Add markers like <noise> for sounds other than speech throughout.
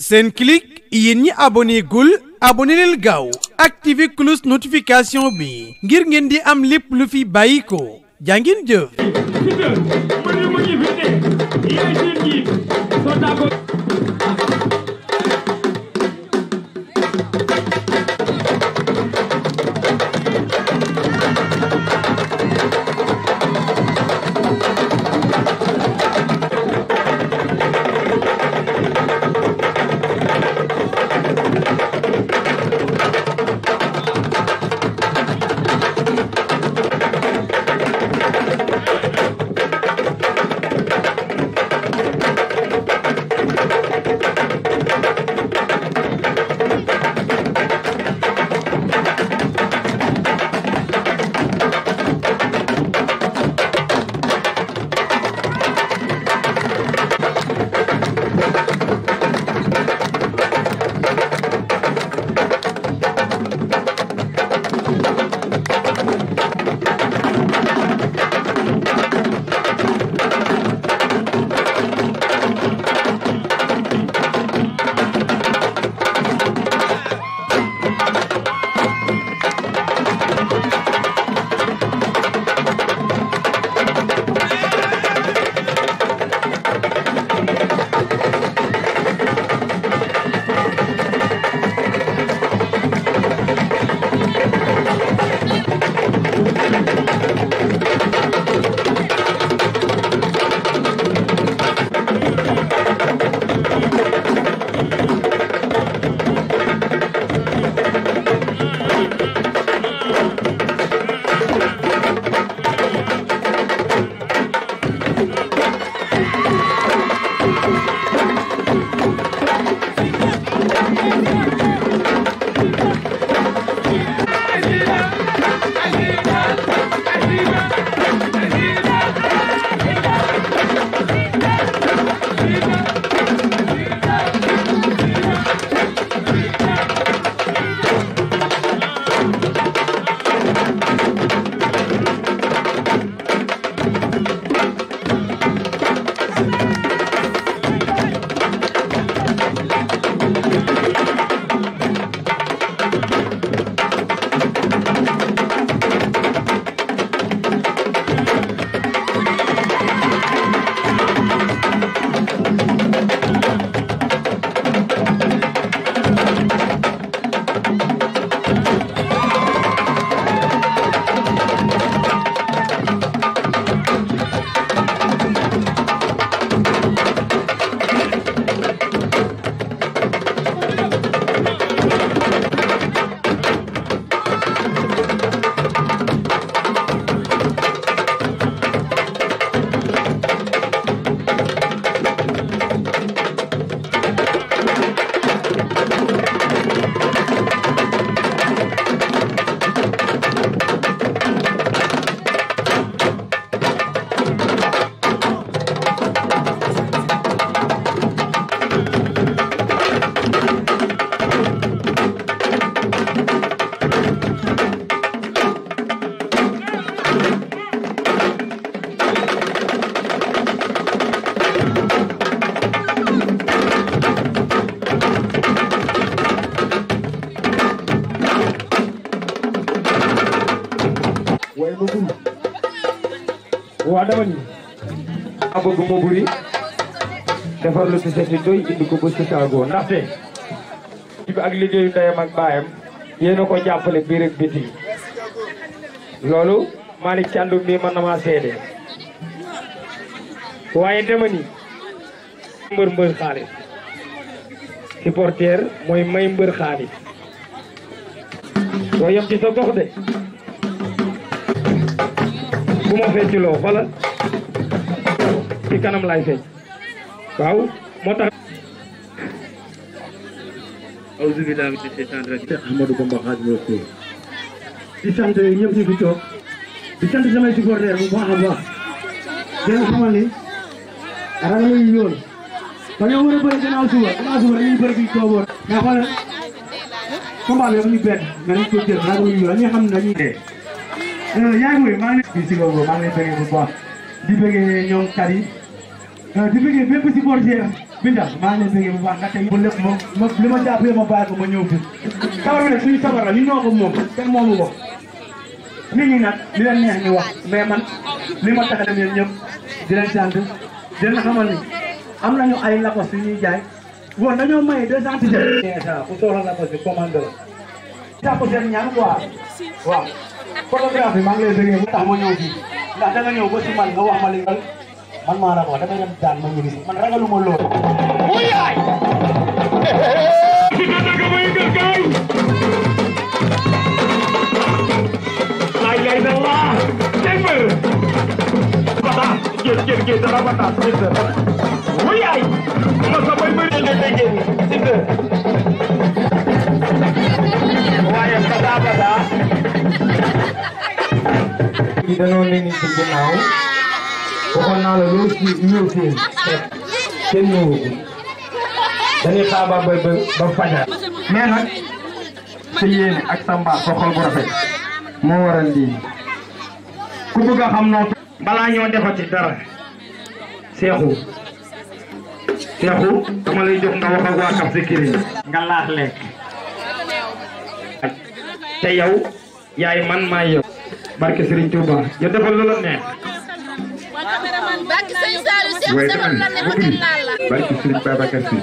Senclic yéen ñi abonné gul abonné leen gaaw activé cloche notification bi ngir ngeen di am lépp lu fi bàyyikoo ko jàngin jëf dama ñu a bëgg mu buri defar lu ci doy indi ko ba Chicago ndaxte bi ak liggéeyu ndeyam ak baayam yéena ko jàppale biir rek biti loolu Malick Thiandoum mii mën na maa seede waaye dama ni mbër mbër xaalis supporter mooy may mbër xaalis doo yem ci sa de bu ma fecc loo xoolal ci kanam laay fecc waaw moo tax auzu billahi mina shaytaani rajiim Ahmadou Bamba Xaadimu Rasuul di sant ñëpp ñu fi toog di sant samay a baax di leen xamal ni yoon dañoo war a bëri suba gannaaw suba dañuy bëri fii Kooboor mais xoolal combat bi dafa ñu bett mais dañ ko jël ragal yu yoon xam ne dañuy yaa ngi maa ngi leen di bëggee maa ngi leen bëggee bu baax di bëggee ñoom Kari di bëggee bépp supporter Binta maa ngi leen bëggee bu baax ndaxte bu lépp moom ma li ma jàppale ma bàyyi ko ma ñëw fi sabar bi nag suñu sabar la ñu ñoo ko moom kenn moomu ko nit ñi nag li leen neex ñu wax mais man li ma tax a dem yéen ñëpp di leen sant di leen xamal ni am nañu ay lakos yu ñuy jaay woon dañoo may deux cent dix. ku soxla lakos bi commande la. jàpp seen ñaan quoi waaw. photographe bi maa ngi lay déggee bu tax ma ñëw fii ndax danga ñëw ba si man nga wax ma li man maa raboo damay dem daan ma ñu man ragaluma loolu. mu yaay. lay lay na waa dégg nga. bata gën gën gën dara bata gën dara. mu yaay. ma sa bay bëri nga déggee waaye bada bada i danoo ne ni ci ginnaaw waxoon naa la loolu ci ñëw fii kenn ñëwagul dañuy xaaba ba ba fajar mais nag sa yéene ak sa mbaax sa xol bu rafet moo waral lii ku bëgg a xam noo balaa ñoo defati dara seexu seexu dama lay jox nga wax ak waa Cap Skirring nga laax lekk te yow yaay man maay yow barke Serigne Touba yo defal lu la neex waaye dama ne bu dul barke Serigne Babacar Sy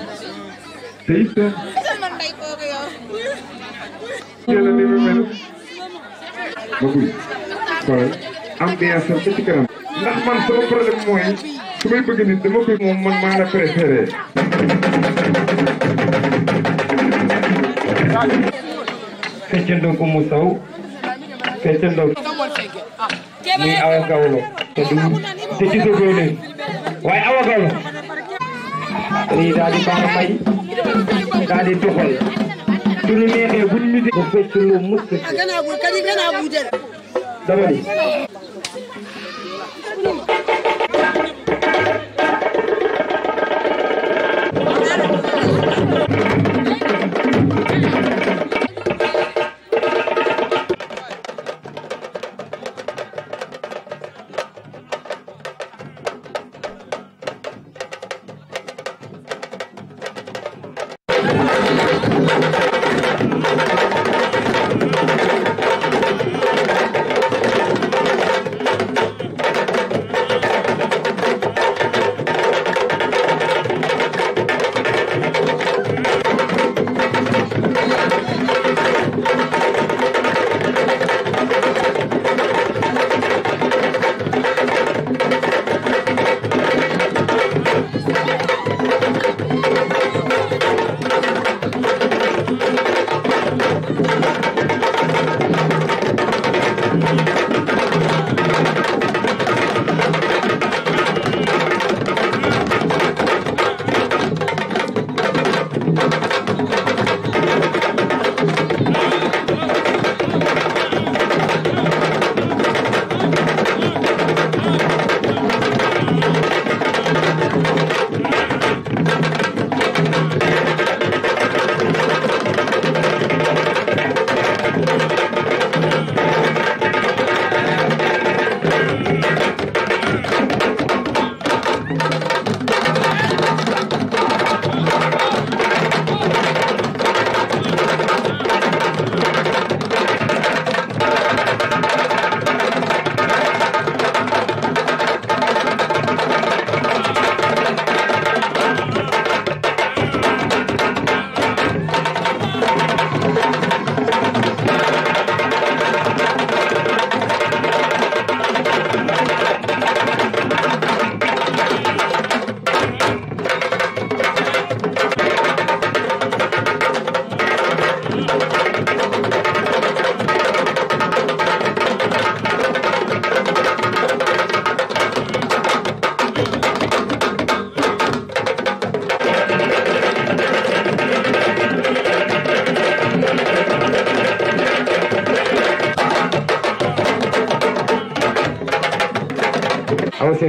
te it yàlla ni mu mel bëggul xoolal ambiance am ci kanam ndax man sama problème mooy su may bëgg nit dama koy moom man maa la préféré feccandoo ko mu saw feccandoo muy Awa Gawlo te du te gisagoo leen waaye Awa Gawlo lii daal di baax a may daal di bu ñu dama ni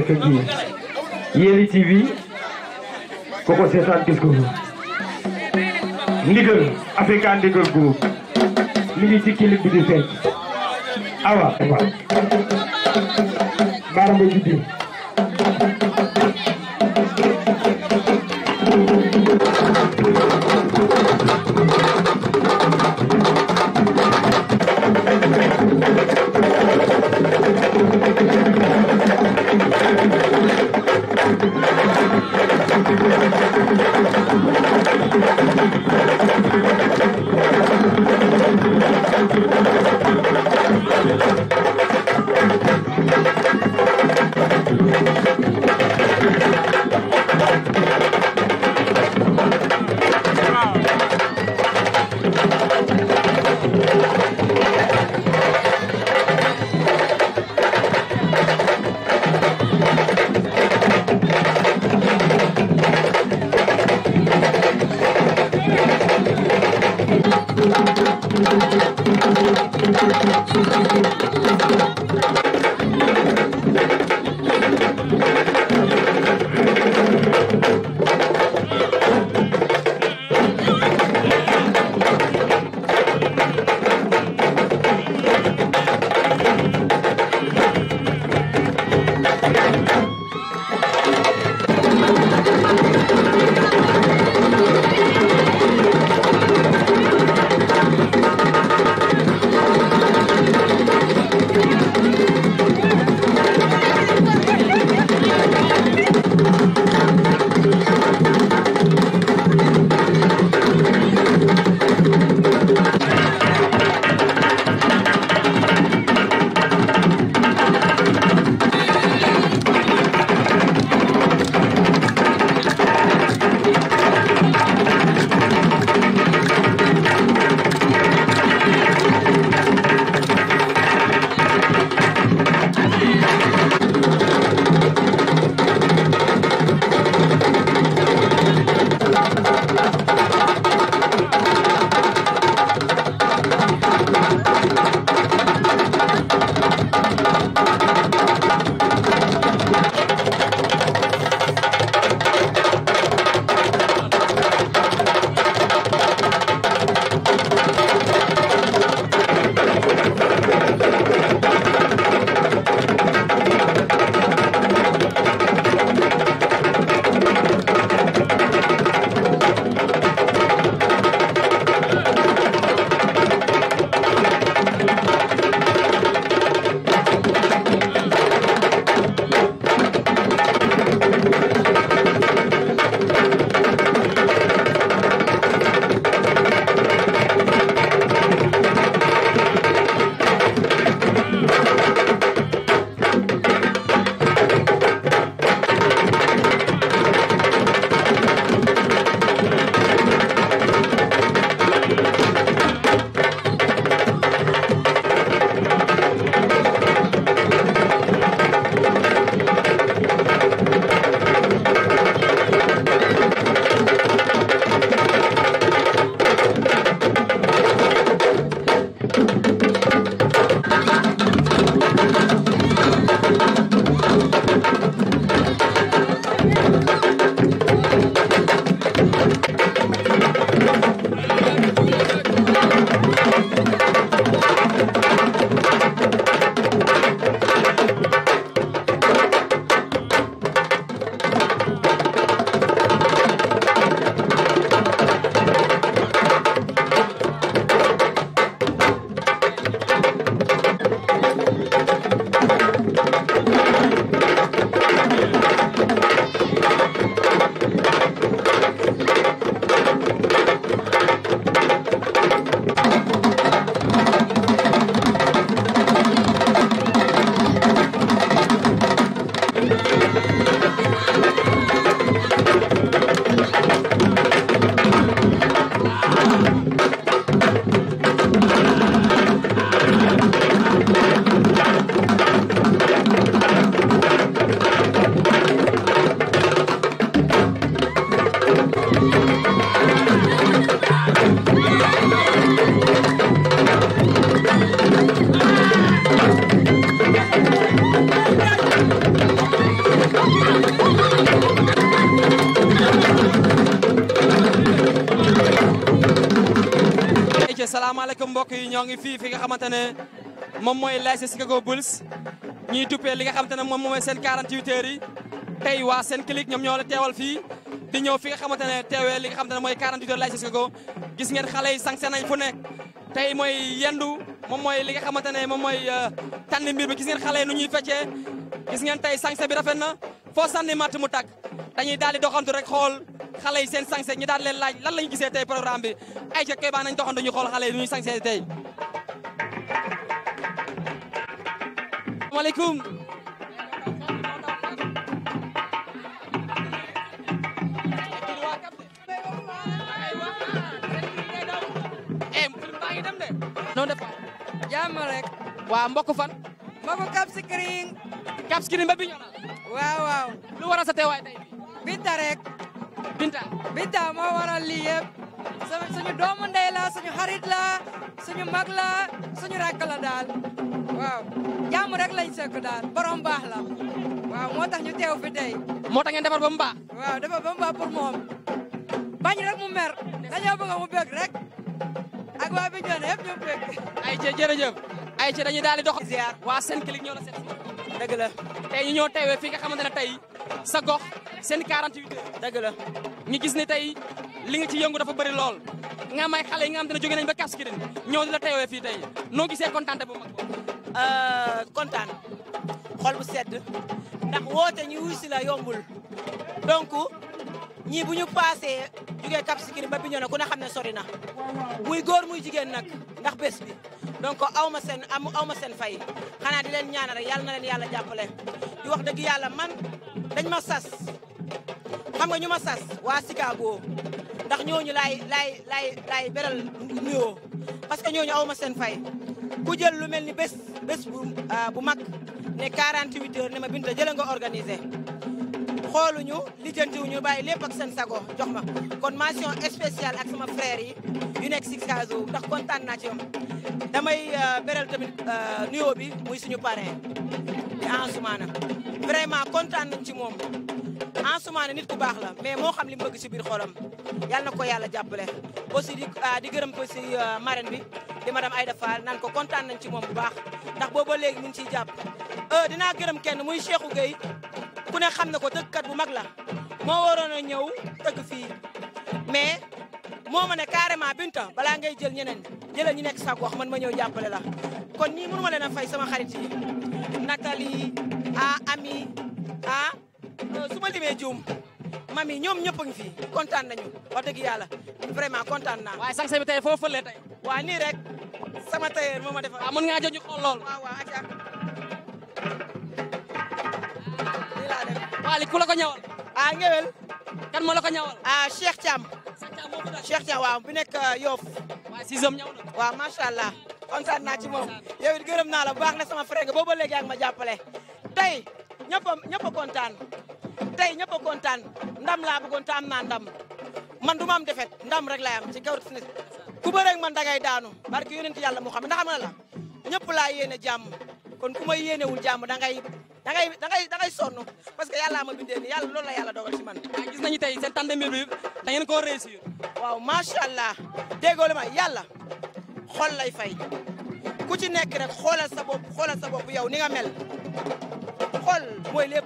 fekk kii Yelli TV ku ko seetaan gis ko ndigal Africa ndigal groupe mi ngi ci clip di fekk awa baara ma juddi salaamaaleykum mbokk yi ñoo ngi fii fi nga xamante ne moom mooy Leicester Chicago Bulls ñuy tuppee li nga xamante ne moom mooy seen 48 heures yi tey waa Senclic ñoom ñoo la teewal fii di ñëw fi nga xamante ne teewee li nga xamante ne mooy 48 heures Leicester Chicago gis ngeen xale yi sancé nañ fu nekk tey mooy yendu moom mooy li nga xamante ne moom mooy euh, tànn mbir bi gis ngeen xale yi nu ñuy feccee gis ngeen tey sancé bi rafet na foo sànni matt mu tàkk dañuy daal di doxantu rek xool xale yi seen sañse ñu daal leen laaj lan lañu gisee tey programme bi ay ca Keba nañ doxantu ñu xool xale nu ñuy sañse tey. sa teewaay tey. Binta rek. Binta Binta moo waral lii yëpp suñu doomu ndey la suñu xarit la suñu mag la suñu rakk la daal waaw jàmm rek lañ sekk daal borom baax la waaw moo tax teew fi moo tax ngeen defar ba mu baax. waaw ba mu moom bañ rek mu mer dañoo bëgg mu bëgg rek. ak waa bi ñoon yëpp ñoom fekk ay ca jërëjëf ay daal di dox ziar waa Senclic ñoo la seet dëgg la tey ñu ñoo teewee fi nga xamante ne tey sa gox seen 48 heures dëgg la ñu gis ni tey li nga ci yëngu dafa bëri lool nga may xale yi nga xamante ne jóge nañ ba Kaffrine ñoo di la teewee fii tey noo gisee kontaan bu mag euh, kontaan xol bu sed ndax woote ñu wuy si la yombul donc ñii bu ñu paasee jugee Cap Skirring ba Bignona ku ne xam ne sori na muy góor muy jigéen nag ndax bés bi donc aw ma seen am aw ma seen fay xanaa di leen ñaanal rek yàlla na leen yàlla jàppale di wax dëgg yàlla man dañ ma sas xam nga ñu ma sas waa Chicago ndax ñooñu laay laay laay laay berel nuyoo parce que ñooñu aw ma seen fay ku jël lu mel ni bés bés bu ah, bu mag ne 48 heures ne ma Binta jëlee nga organisé xooluñu lijjantiwuñu bàyyi lépp ak seen sago jox ma kon mention spéciale ak sama frère yi yu nekk si Sazo ndax kontaan naa ci yow damay euh, beral tamit euh, nuyoo bi muy suñu parrain di Ansoumana vraiment kontaan nañ ci moom Ansoumana nit ku baax la mais moo xam li mu bëgg si biir xolam yàlla na ko yàlla jàppale aussi di euh, di gërëm ko si marraine bi di madame ay Fall naan ko kontaan nañ ci moom bu baax ndax booba léegi ñu ngi ciy jàpp dinaa gërëm kenn muy Cheikhou Gueye ku ne xam na ko dëkk tëggkat bu mag la moo waroon a ñëw tëgg fii mais moo ma ne carrément Binta balaa ngay jël ñeneen jëlal ñi nekk sa man ma ñëw jàppale la kon ñii mënu ma leen a fay sama xarit yi Nathalie a Ami a euh, su ma limee juum mami ñoom ñëpp a ngi fi kontaan nañu wax dëgg yàlla vraiment kontaan naa. wa sax sa bi tey foo fële tey. waa nii rek sama tailleur moo ma defal. waaw ah, mën ngaa jox ñu xool Waly ku la ko ñawal. ah ngewel. kan moo la ko ñawal. ah Cheikh Thiam. Cheikh Thiam waaw bu nekk euh, Yoff. ñaw waaw macha allah kontaan naa ci moom. yow it gërëm naa la bu baax na sama frère booba léegi ak ma jàppale. tey ñëpp a ñëpp kontaan tey ñëpp a kontaan ndam laa bëggoon te naa ndam man du ma am defet ndam rek lay am ci kaw nit ku bëreeg man dangay daanu barke yonent yàlla moo xam ne ndax xam nga ñëpp laa yéene jàmm kon ku may yéenewul jàmm dangay. da ngay da ngay da ngay sonn parce que yàlla ma bindee nii yàlla loolu la yàlla dogal ci man. Ah, gis nañu tey seen tànn mbir bi da ngeen koo réussir. waaw macha allah ma yàlla xol lay fay ku ci nekk rek xoolal sa bopp xoolal sa bopp yow ni nga mel xol mooy lépp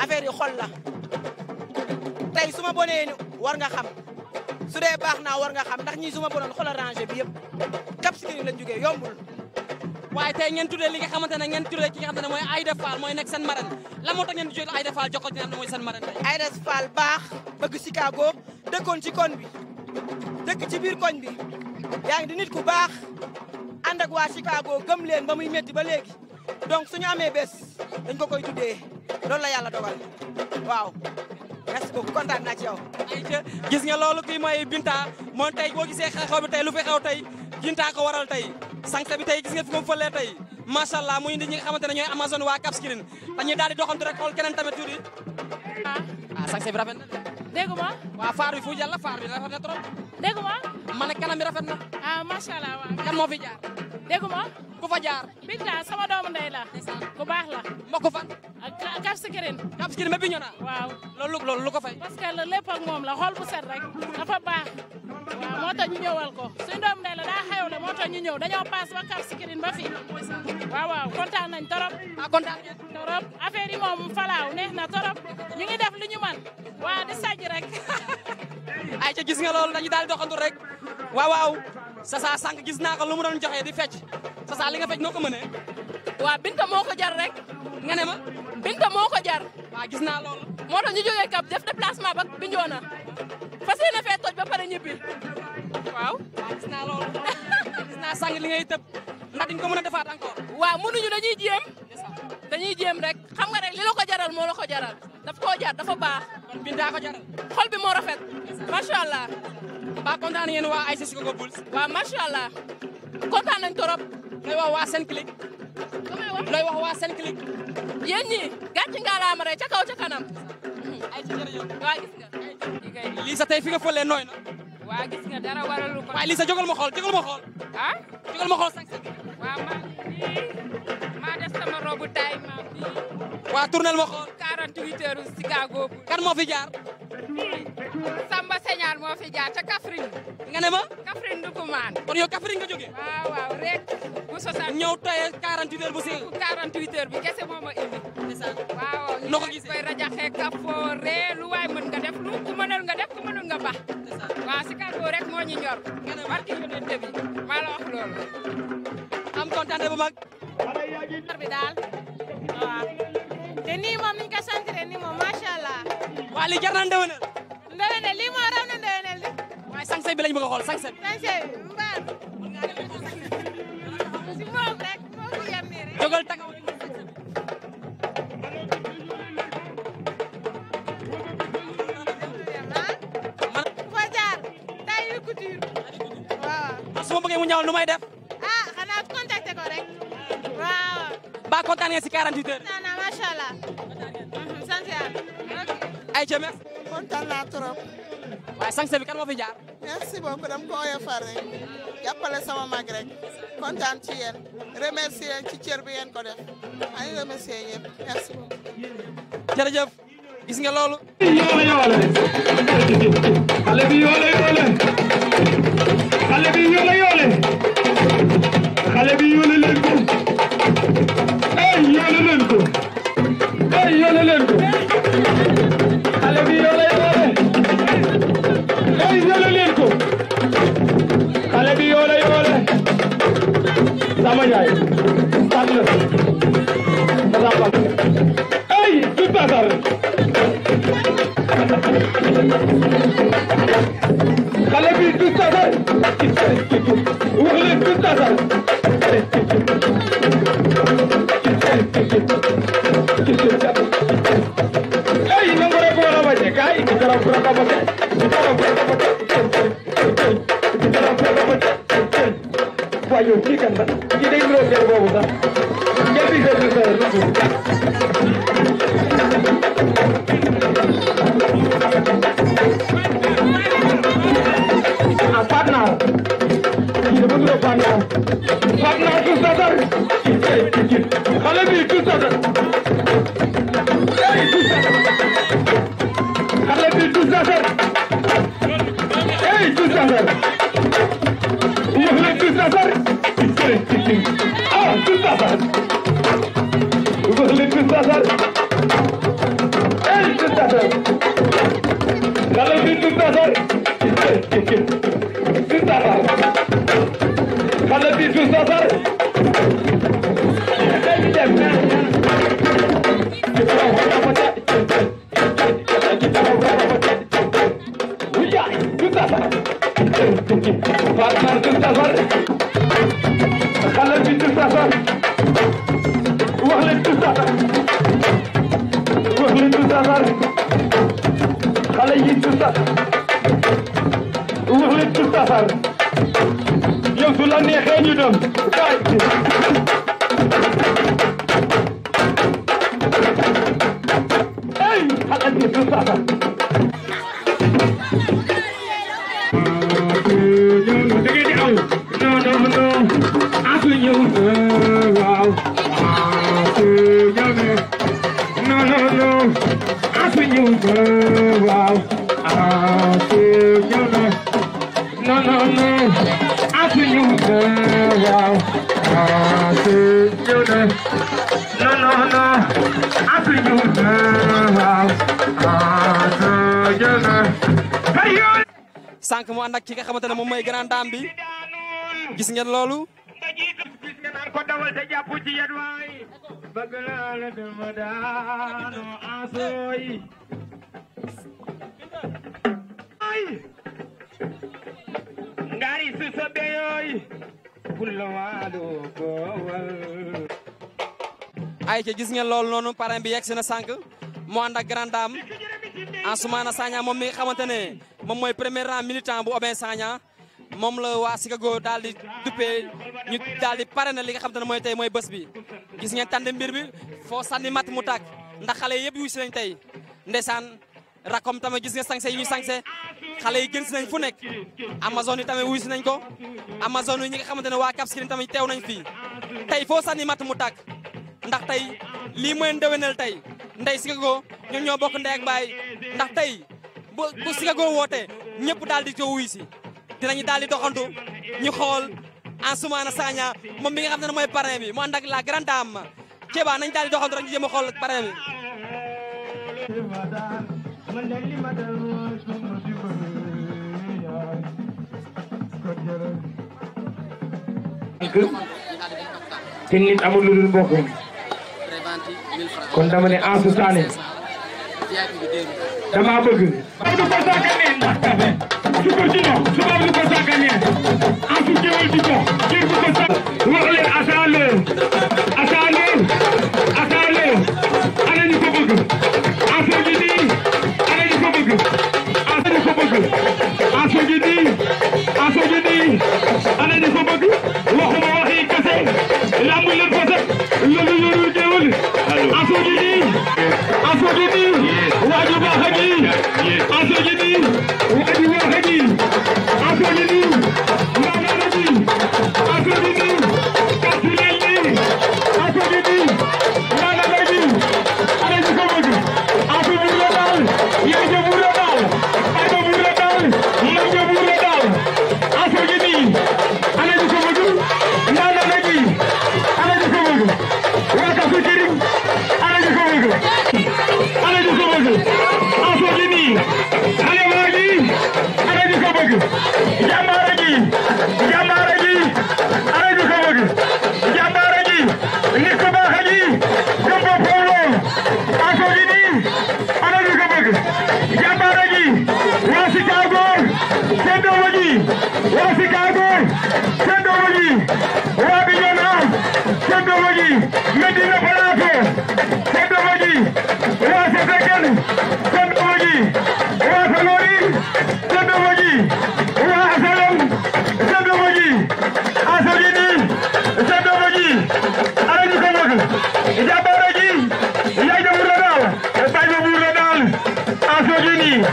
affaire yi xol la tey su ma bonee war nga xam su dee baax naa war nga xam ndax ñii su ma bonoon xoolal rangé bi yëpp Cap Skirring lañ jógee yombul. waaye tey ngeen tuddee li nga xamante ne ngeen tuddee ki nga xamante mooy Aïda Fall mooy nekk seen marraine la moo tax ngeen di jël Aïda mooy seen marraine tey Aïda baax bëgg Chicago dëkkoon ci koñ bi dëkk ci biir koñ bi yaa ngi di nit ku baax ànd ak waa Chicago gëm leen ba muy métti ba léegi donc suñu amee bés dañ ko koy tuddee loolu la yàlla dogal waaw merci beaucoup kontaan naa ci yow. ayca gis nga loolu kii mooy Binta moom tey boo gisee xew bi tey lu fi xew tey Binta ko waral tey sànq bi tey gis nga fi mu fëlee tey macha allah muy nit ñi nga ñooy Amazone waa Cap Skirring dañuy daal di doxantu rek xool keneen tamit tuuti. ah sànq bi rafet dégguma. waaw faar bi fu jàll faar bi rafet na trop. dégguma. ma ne kanam bi rafet na. ah macha allah waaw. kan moo fi jaar. dégguma. ku fa jaar. Binta sama doomu ndey la. ku baax la. mbokk fan. ak Cap Skirring. Cap Skirring ma waaw loolu lu ko fay. parce que lépp ak moom la xool bu set rek dafa baax. waaw moo tax ñu ñëwal ko suñu doom la daa xew la moo tax ñu ñëw dañoo paas ba Cap ba fii waaw waaw kontaan torop ah kontaan torop affaire ci rek ay ca gis nga loolu dañu daal doxantu rek waaw waaw Sasa sànq gis naa ko lu mu doon joxe di fecc Sasa li nga fecc noo ko mënee. waaw Binta moo ko jar rek. nga ne ma. Binta moo ko jar. waaw gis naa loolu. moo tax ñu jógee Cap def déplacement ba Bignona. fas yéene fee toj ba pare ñibbi. waaw waaw gis naa loolu. <laughs> gis naa sang li ngay tëb. ndax diñ ko mën a defaat encore. waaw mënuñu dañuy jéem. dañuy jéem rek xam nga rek li la ko jaral moo la ko jaral daf koo jar dafa baax kon bi daa ko jaral xol bi moo rafet macha allah. waa kontaan ngeen waa ASC Chicago Bulls. waaw macha allah kontaan nañ trop. looy wax waa Senclic. looy wax looy wax waa Senclic. ñi gàcce ngalaama rek ca kaw ca kanam. ay ci jërëjëf waa waa gis nga dara waralu ko. waaye Lissa jógal ma xool jógal ma xool. ah jógal maa nii maa def sama robu taay maa fii. waa tournel ma xool. 48 heures Chicago. kan moo fi jaar. Samba Señaar moo fi jaar ca Kaffrine. nga ne ma. Kaffrine Ndoukoumane. kon yow Kaffrine nga jógee. waaw waaw rek bu sosa. ñëw tey 48 heures bu si. 48 heures bi kese moo ma indi. ndeysaan waaw noo ko rajaxe kafoo lu waay mën nga def lu ku nga def ku nga bax. waaw si kàddu moo ñu nga ne ma barki yonent bi maa la wax loolu. am kontaan bu mag. xar bi daal waaw. te nii moom ni ñu ko sant nii moom macha allah. waa lii jar na ndewenal. ndewenal lii moo raw na ndewenal de. waaye sanse bi lañ bëgg a xool sanse bi. sanse bi mbaar. si moom rek foofu yem nii rek. jógal tagaw su ma bëggee mu ñawal nu may def. ah xanaa contacté ko rek. waaw. ba kontaan ngeen si 48 heures. ay ca merci. kontaan naa trop. waaye sanse bi kan moo fi jaar. merci beaucoup dama ko oyofal sama mag rek kontaan ci yéen remercier ci cër bi yéen ko def ay remercier ñëpp merci beaucoup. jërëjëf gis nga loolu. yoole yoole xale yoole yoole xale yoole leen Kalemi Tutasar, Tutasar, Tutasar, Tutasar, Tutasar, waar xale yi du sax wax leen du saxar yow su la neexee ñu dem ay xale yi sànq mu ànd ak ki nga xamante ne moom mooy grand dame bi gis ngeen loolu. ngari su sobe yoy kullawado ko ay ci gis ngeen loolu noonu parrain bi yegg si na sànq mu ànd ak grande dame Ansoumana Sagna moom mi nga xamante ne moom mooy premier rang militant bu Obin Sagna moom la waa Chicago daal di duppee ñu daal di pare na li nga xam te ne mooy tey mooy bés bi. gis ngeen tànn mbir bi foo sànni mat mu tàkk ndax xale yëpp yu si nañ tey ndeysaan rakom tamit gis nga sañse yi ñu sañse xale yi gën nañ fu nekk amazone yi tamit wuy si nañ ko amazone yi ñi nga xamante ne waa Cap Skirring tamit teew nañ fi tey foo sànni matt mu tàkk ndax tey lii mooy ndéwénal tey ndey Chicago ñoom ñoo bokk ndey ak baay ndax tey bu bu Chicago wootee ñëpp daal di ko wuy si dinañu daal di doxantu ñu xool Ansoumana Sagna moom mi nga xam ne mooy parrain bi mu la grande dame Kéba nañ daal di doxantu rek ñu jéem a xool parrain bi. te nit amul lu dul kon dama ne Ansou Sané dama bëgg su ko sàgganee ndax kafe su ko ci ñëw su boobu su ko sàgganee en su jëwal di ko jër bu ko sa wax leen asaa leer asaa leer asaa leer ana ñu ko bëgg asu gi nii ana ñu ko bëgg asu ñu ko bëgg asu gi nii asu gi nii ana ñu ko bëgg waxuma wax yi kese lamb leen ko sax loolu yorul jëwal asu gi nii asu gi nii Asogidi.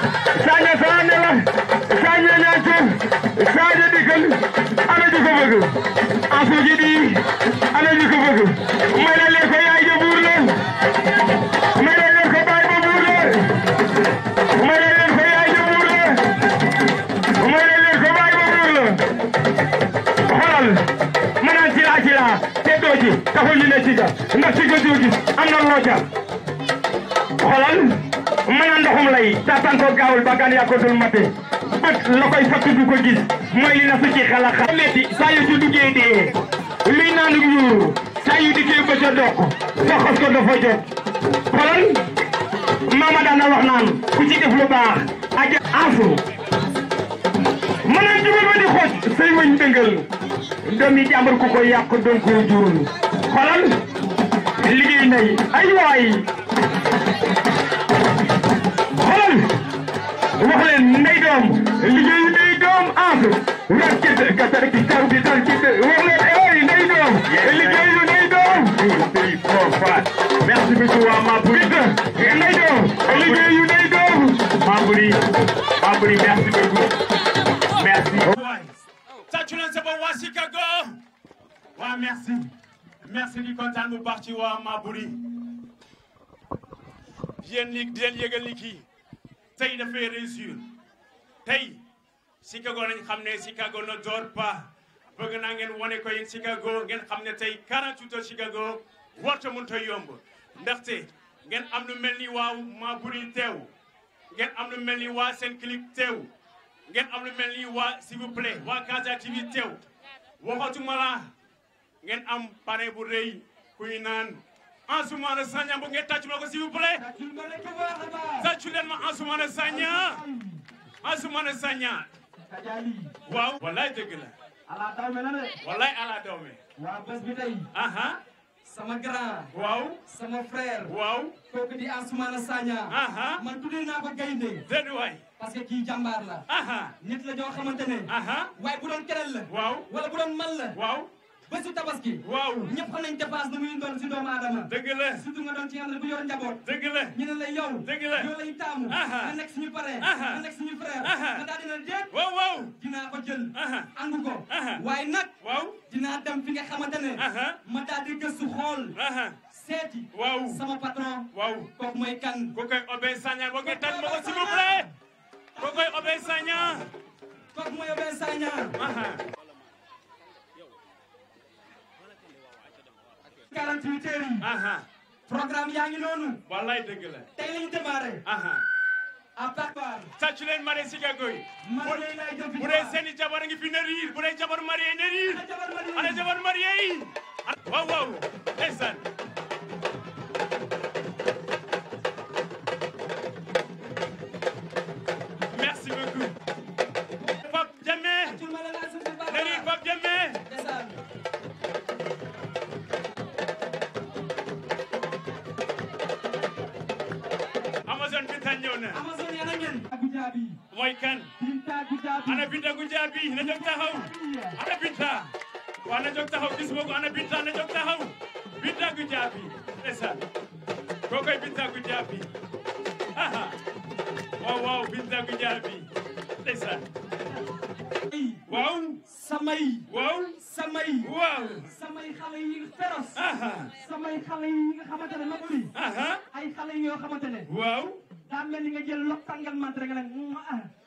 Sadio Fane la Sadio Niakhar Sadio dikkal ana ji ko bëgg asu ji di ana ji ko bëgg may na leen ko yaay ja buur la may na leen ko baay ba buur la may na leen ko yaay ja buur la may na leen ko baay ba buur la xoolal ma naan ci laa ci laa te doo ji taxul ñu ne ci ja ndax ci ko jiw gi am na loo ca xoolal mën a ndoxum lay taatankoo gaawul bagaan yaa ko dul mate bët la koy fakk du ko gis mooy li na su ci xalaat xam metti saa yu dee luy naanu yuur saa yu dikkee ba ca dox doxos ko dafa jot xoolal maama daana wax naan ku ci def lu baax aja afu mën a jugal ba di xooj say wëñ dëngal doomi jàmbur ku ko yàq doon ko jurul xoolal liggéey nay ay waay Sénégal liggéey liggéey doom ànd rakket gatar ki taw bi dal ki wax leen ay nay doom liggéey lu nay doom pays trop fat merci beaucoup waa Mapuri nay doom liggéey yu nay doom Mapuri Mapuri merci beaucoup merci tàccu leen sama waa Chicago waa merci merci di kontaan bu baax ci waa Mapuri yéen li di leen yëgal ni kii tey dafay réussir tey Chicago nañ xam ne Chicago ne dort pas bëgg naa ngeen wane ko yéen Chicago ngeen xam ne tey 48 heures Chicago warta mënta yomb ndaxte ngeen am lu mel ni waa Maaburi teew ngeen am lu mel ni waa Senclic teew ngeen am lu mel ni waa s'il vous plaît waa Casa TV teew waxatuma ngeen am pare bu rëy kuy naan Ansoumana Sagna bu ngeen tàcc ma ko s'il vous plaît tàccu leen ma Ansoumana Sagna Asumana Sagna. waaw. wallaay dëgg la. ala dawme la de. wallaay ala dawme. waaw bés bi tey. aha. sama man tuddee naa ko gaynde. déedéet waay. parce que kii jàmbaar la. aha. nit la joo xamante ne. aha. waaye bu doon keneen waaw. wala bu doon man waaw. ba su tabaski waaw ñëpp xam nañ dépense lu muy doon si doomu aadama dëgg la surtout nga doon ci yàlla bu yor njaboot dëgg la ñu ne la yow lay taamu nga nekk pare nga nekk suñu frère nga daal waaw waaw dinaa ko jël angu ko waaye nag waaw dinaa dem fi nga xamante ne ma daal di gëstu Obey Sagna boo mooy Obey Sagna 48 heures yi. programme yaa ngi noonu. wallaay dëgg la. tey lañu démarré. à Pàcpar. sàccu leen Marien Sikego yi. Marien lay def bu dee seen i jabar ngi fi ne riir bu dee jabar Marien ne riir. ana ko ana Binta na jóg taxaw Binta gu jaabi ndeysaan kookoy Binta gu jaabi ah. waaw waaw Binta gu jaabi ndeysaan waaw samay waaw samay waaw samay xale yi feros samay xale yi nga xamante ne noppi ay xale yoo xamante waaw daa mel nga jël lop tàngal mant rek nag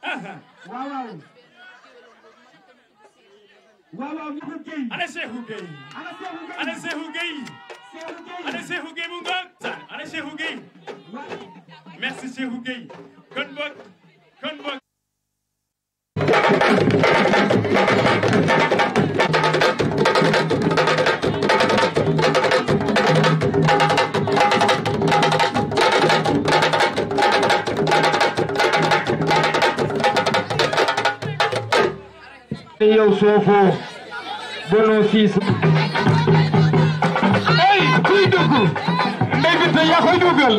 waaw waaw waaw waaw Cheikhou Gueye ana Cheikhou Gueye ana Cheikhou Gueye ana Cheikhou Gueye mu ngoog ana Cheikhou Gueye merci Cheikhou Gueye kon boog kon boog Thank you. yow soofoo bonoo siis ay kuy dugg ndey bi te koy dugal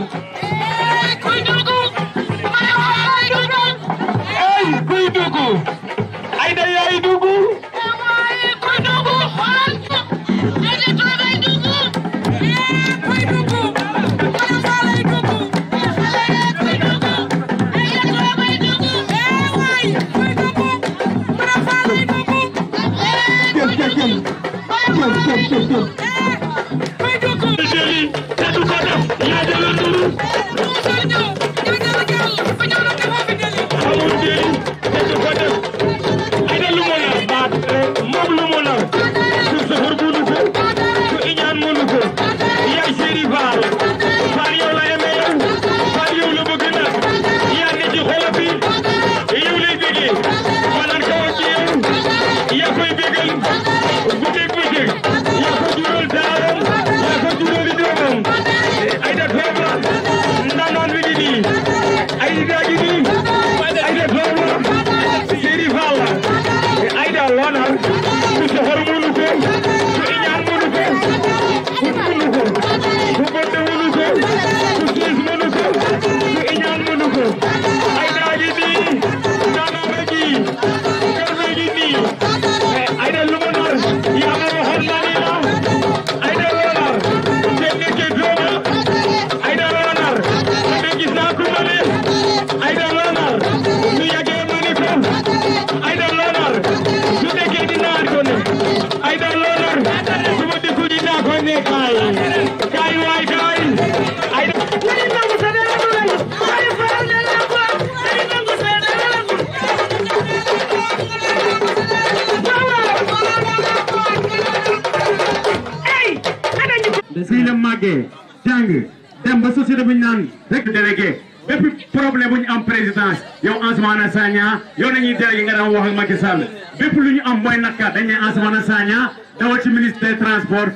bépp problème bu ñu am présidence yow Ansoumana Sagna yow nañuy délégué nga daan wax ak Macky Sall lu ñu am mooy nakar dañ ne Ansoumana Sagna dawal ci ministre des nga wax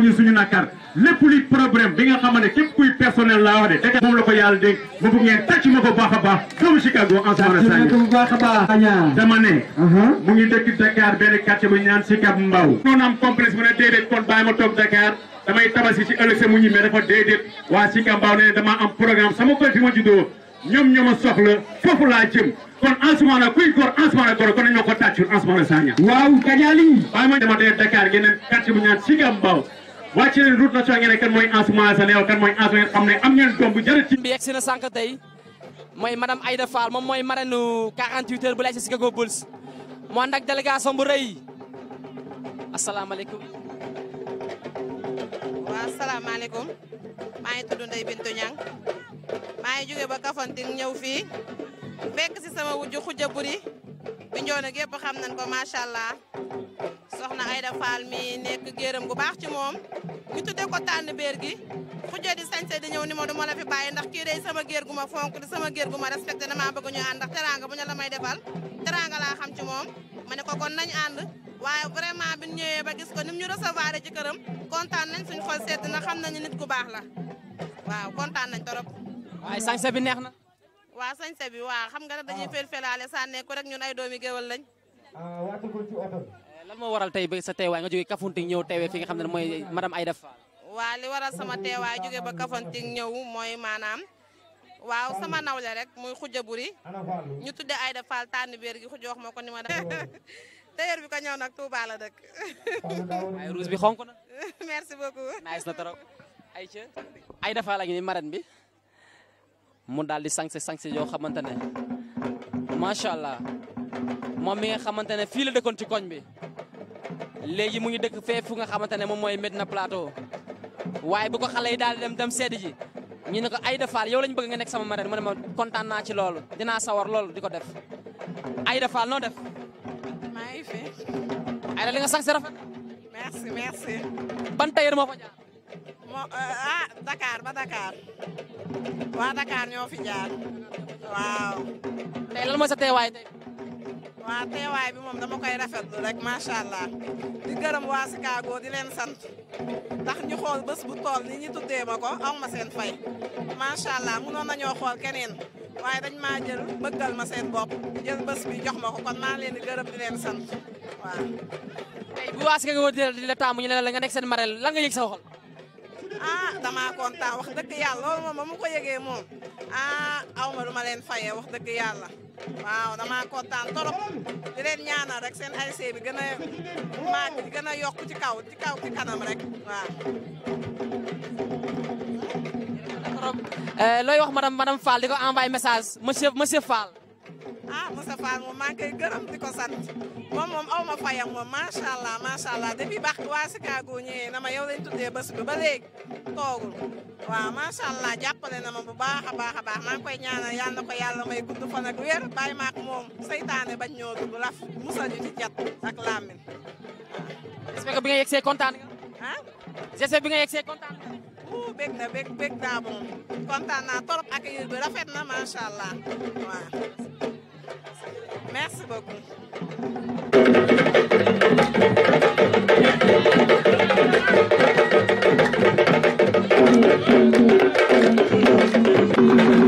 ñu suñu nakar lépp luy problème bi nga xam ne képp kuy personnel laa wax de dëgg moom la ko yàlla dégg ma bëgg ngeen tàcc ma ko baax a baax doomu Chicago Ansoumana Sagna dama ne uh-huh. mu ngi dëkk Dakar benn quartier bu ñu naan Sicap Mbao noonu am complexe mu ne déedéet kon bàyyi damay tabaski ci ëllëg mu ñibbee dafa déedéet waa Sicap Mbao nee damaa am programme sama koy fi ma juddoo ñoom ñoo ma soxla foofu laa jëm kon Ansoumana kuy góor Ansoumana góor kon nañoo ko tàccul Ansoumana Sagna. waaw Gagnaly. waaye man dama dee Dakar ngeen quartier bu ñaan Sicap Mbao wàcc leen route nationale ngeen ne kan mooy Ansoumana kan mooy Ansoumana xam ne am ngeen doom bu jërë ci. bi yegg si na sànq tey mooy madame Aïda Fall moom mooy marraine 48 heures bu lay si Chicago Bulls mu ànd ak délégation bu rëy asalaamaaleykum maa ngi tudd Ndeye Bintu Ñang maa ngi jóge ba Kafountine ñëw fii fekk si sama wujju xuja buri bi njoon ak xam nañ ko macha allah soxna Ayda Fall mi nekk géeram gu baax ci moom ñu tudde ko tànn béer gi xuja di sañse di ñëw ni ma du ma la fi bàyyi ndax kii day sama géer gu ma fonk di sama géer gu ma respecté damaa bëgg ñu ànd ndax teranga bu ñu la may defal teranga laa xam ci moom ma ne ko kon nañ ànd waaye vraiment bi ñu ñëwee ba gis ko ni ñu ñu recevoir ci këram kontaan nañ suñ xol sedd xam nañu nit ku baax la waaw kontaan nañ torop waaye sañse bi neex na. waa sañse bi waa xam nga nag dañuy ah. felfelaale sànne ko rek ñun ay doomi géwal lañ. Ah, eh, lan moo waral tey ba sa teewaay nga jógee Kafountine ñëw teewee fi nga xam ne mooy madame Aïda Fall. waa li waral sama teewaay jóge ba Kafountine ñëw mooy maanaam. waaw sama nawle rek muy xuja buri ñu tuddee Aïda Fall tànn biir gi xuja wax moo ko ni ma <laughs> tailleur bi ko ñëw nag Touba la dëkk. <laughs> waaye rouge bi xonk na. <laughs> merci beaucoup. nice na trop. ay ca ay dafa la ngi ni marraine bi mu daal di sañse sañse yoo xamante ne moom bi nga xamante ne fii la dëkkoon ci koñ bi léegi mu ngi dëkk fee fu nga xamante ne moom mooy na Plateau waaye bu ko xale yi daal di dem dem seeti ji ñu ne ko Aïda Fall yow lañ bëgg nga nekk sama marraine mu ne ma kontaan naa ci loolu dinaa sawar loolu di ko def Aïda noo def. waaye nag li nga sax si rafet. merci merci. ban tailleur moo fa jaar. moo euh, ah Dakar ba Dakar. waa Dakar ñoo fi jaar. waaw. tey lan mooy sa teewaay tey. waa teewaay bi moom dama koy rafet rek macha allah di gërëm waa Chicago di leen sant ndax ñu xool bés bu tool ni ñu tuddee ma aw ma fay macha allah mënoon nañoo xool keneen. waaye dañ maa jël bëggal ma seen bopp jël bés bi jox ma ko kon maa leen di gërëm di leen sant waaw. tey bu waas nga wër di la taamu ñu la nga nekk seen marel lan nga yëg sa xol. ah damaa kontaan wax dëgg yàlla loolu moom ba mu ko yëgee moom ah aw ma lu ma leen fayee wax dëgg yàlla waaw damaa kontaan torop di leen ñaanal rek seen ASC bi gën a màgg gën a yokk ci kaw ci kanam rek waaw. Eh, looy wax madame madame Fall di ko envoyé message monsieur monsieur Fall. ah monsieur Fall moom maa ngi koy gërëm di ko sant moom moom aw ma fayam moom macha allah macha allah depuis baax waa Chicago ñëwee na ma yow lañ tuddee bés bi ba léegi toogul waaw na ma bu baax a baax a baax maa ngi koy ñaanal yal ko yàlla may gudd fan ak wér bàyyi ma ak moom seytaane bañ ñoo dugg laf musal ñu ci jat ak làmmiñ waaw. j'espère bi nga yegsee kontaan nga. ah wuu bég na bég bég daa moom kontaan naa trop accueil bi rafet na macha allah waaw merci beaucoup. Thank you.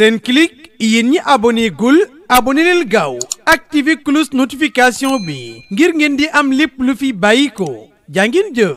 Senclic yéen ñi abonné gul abonné leen gaaw activé cloche notification bi ngir ngeen di am lépp lu fi bàyyi ko jaa ngeen jëf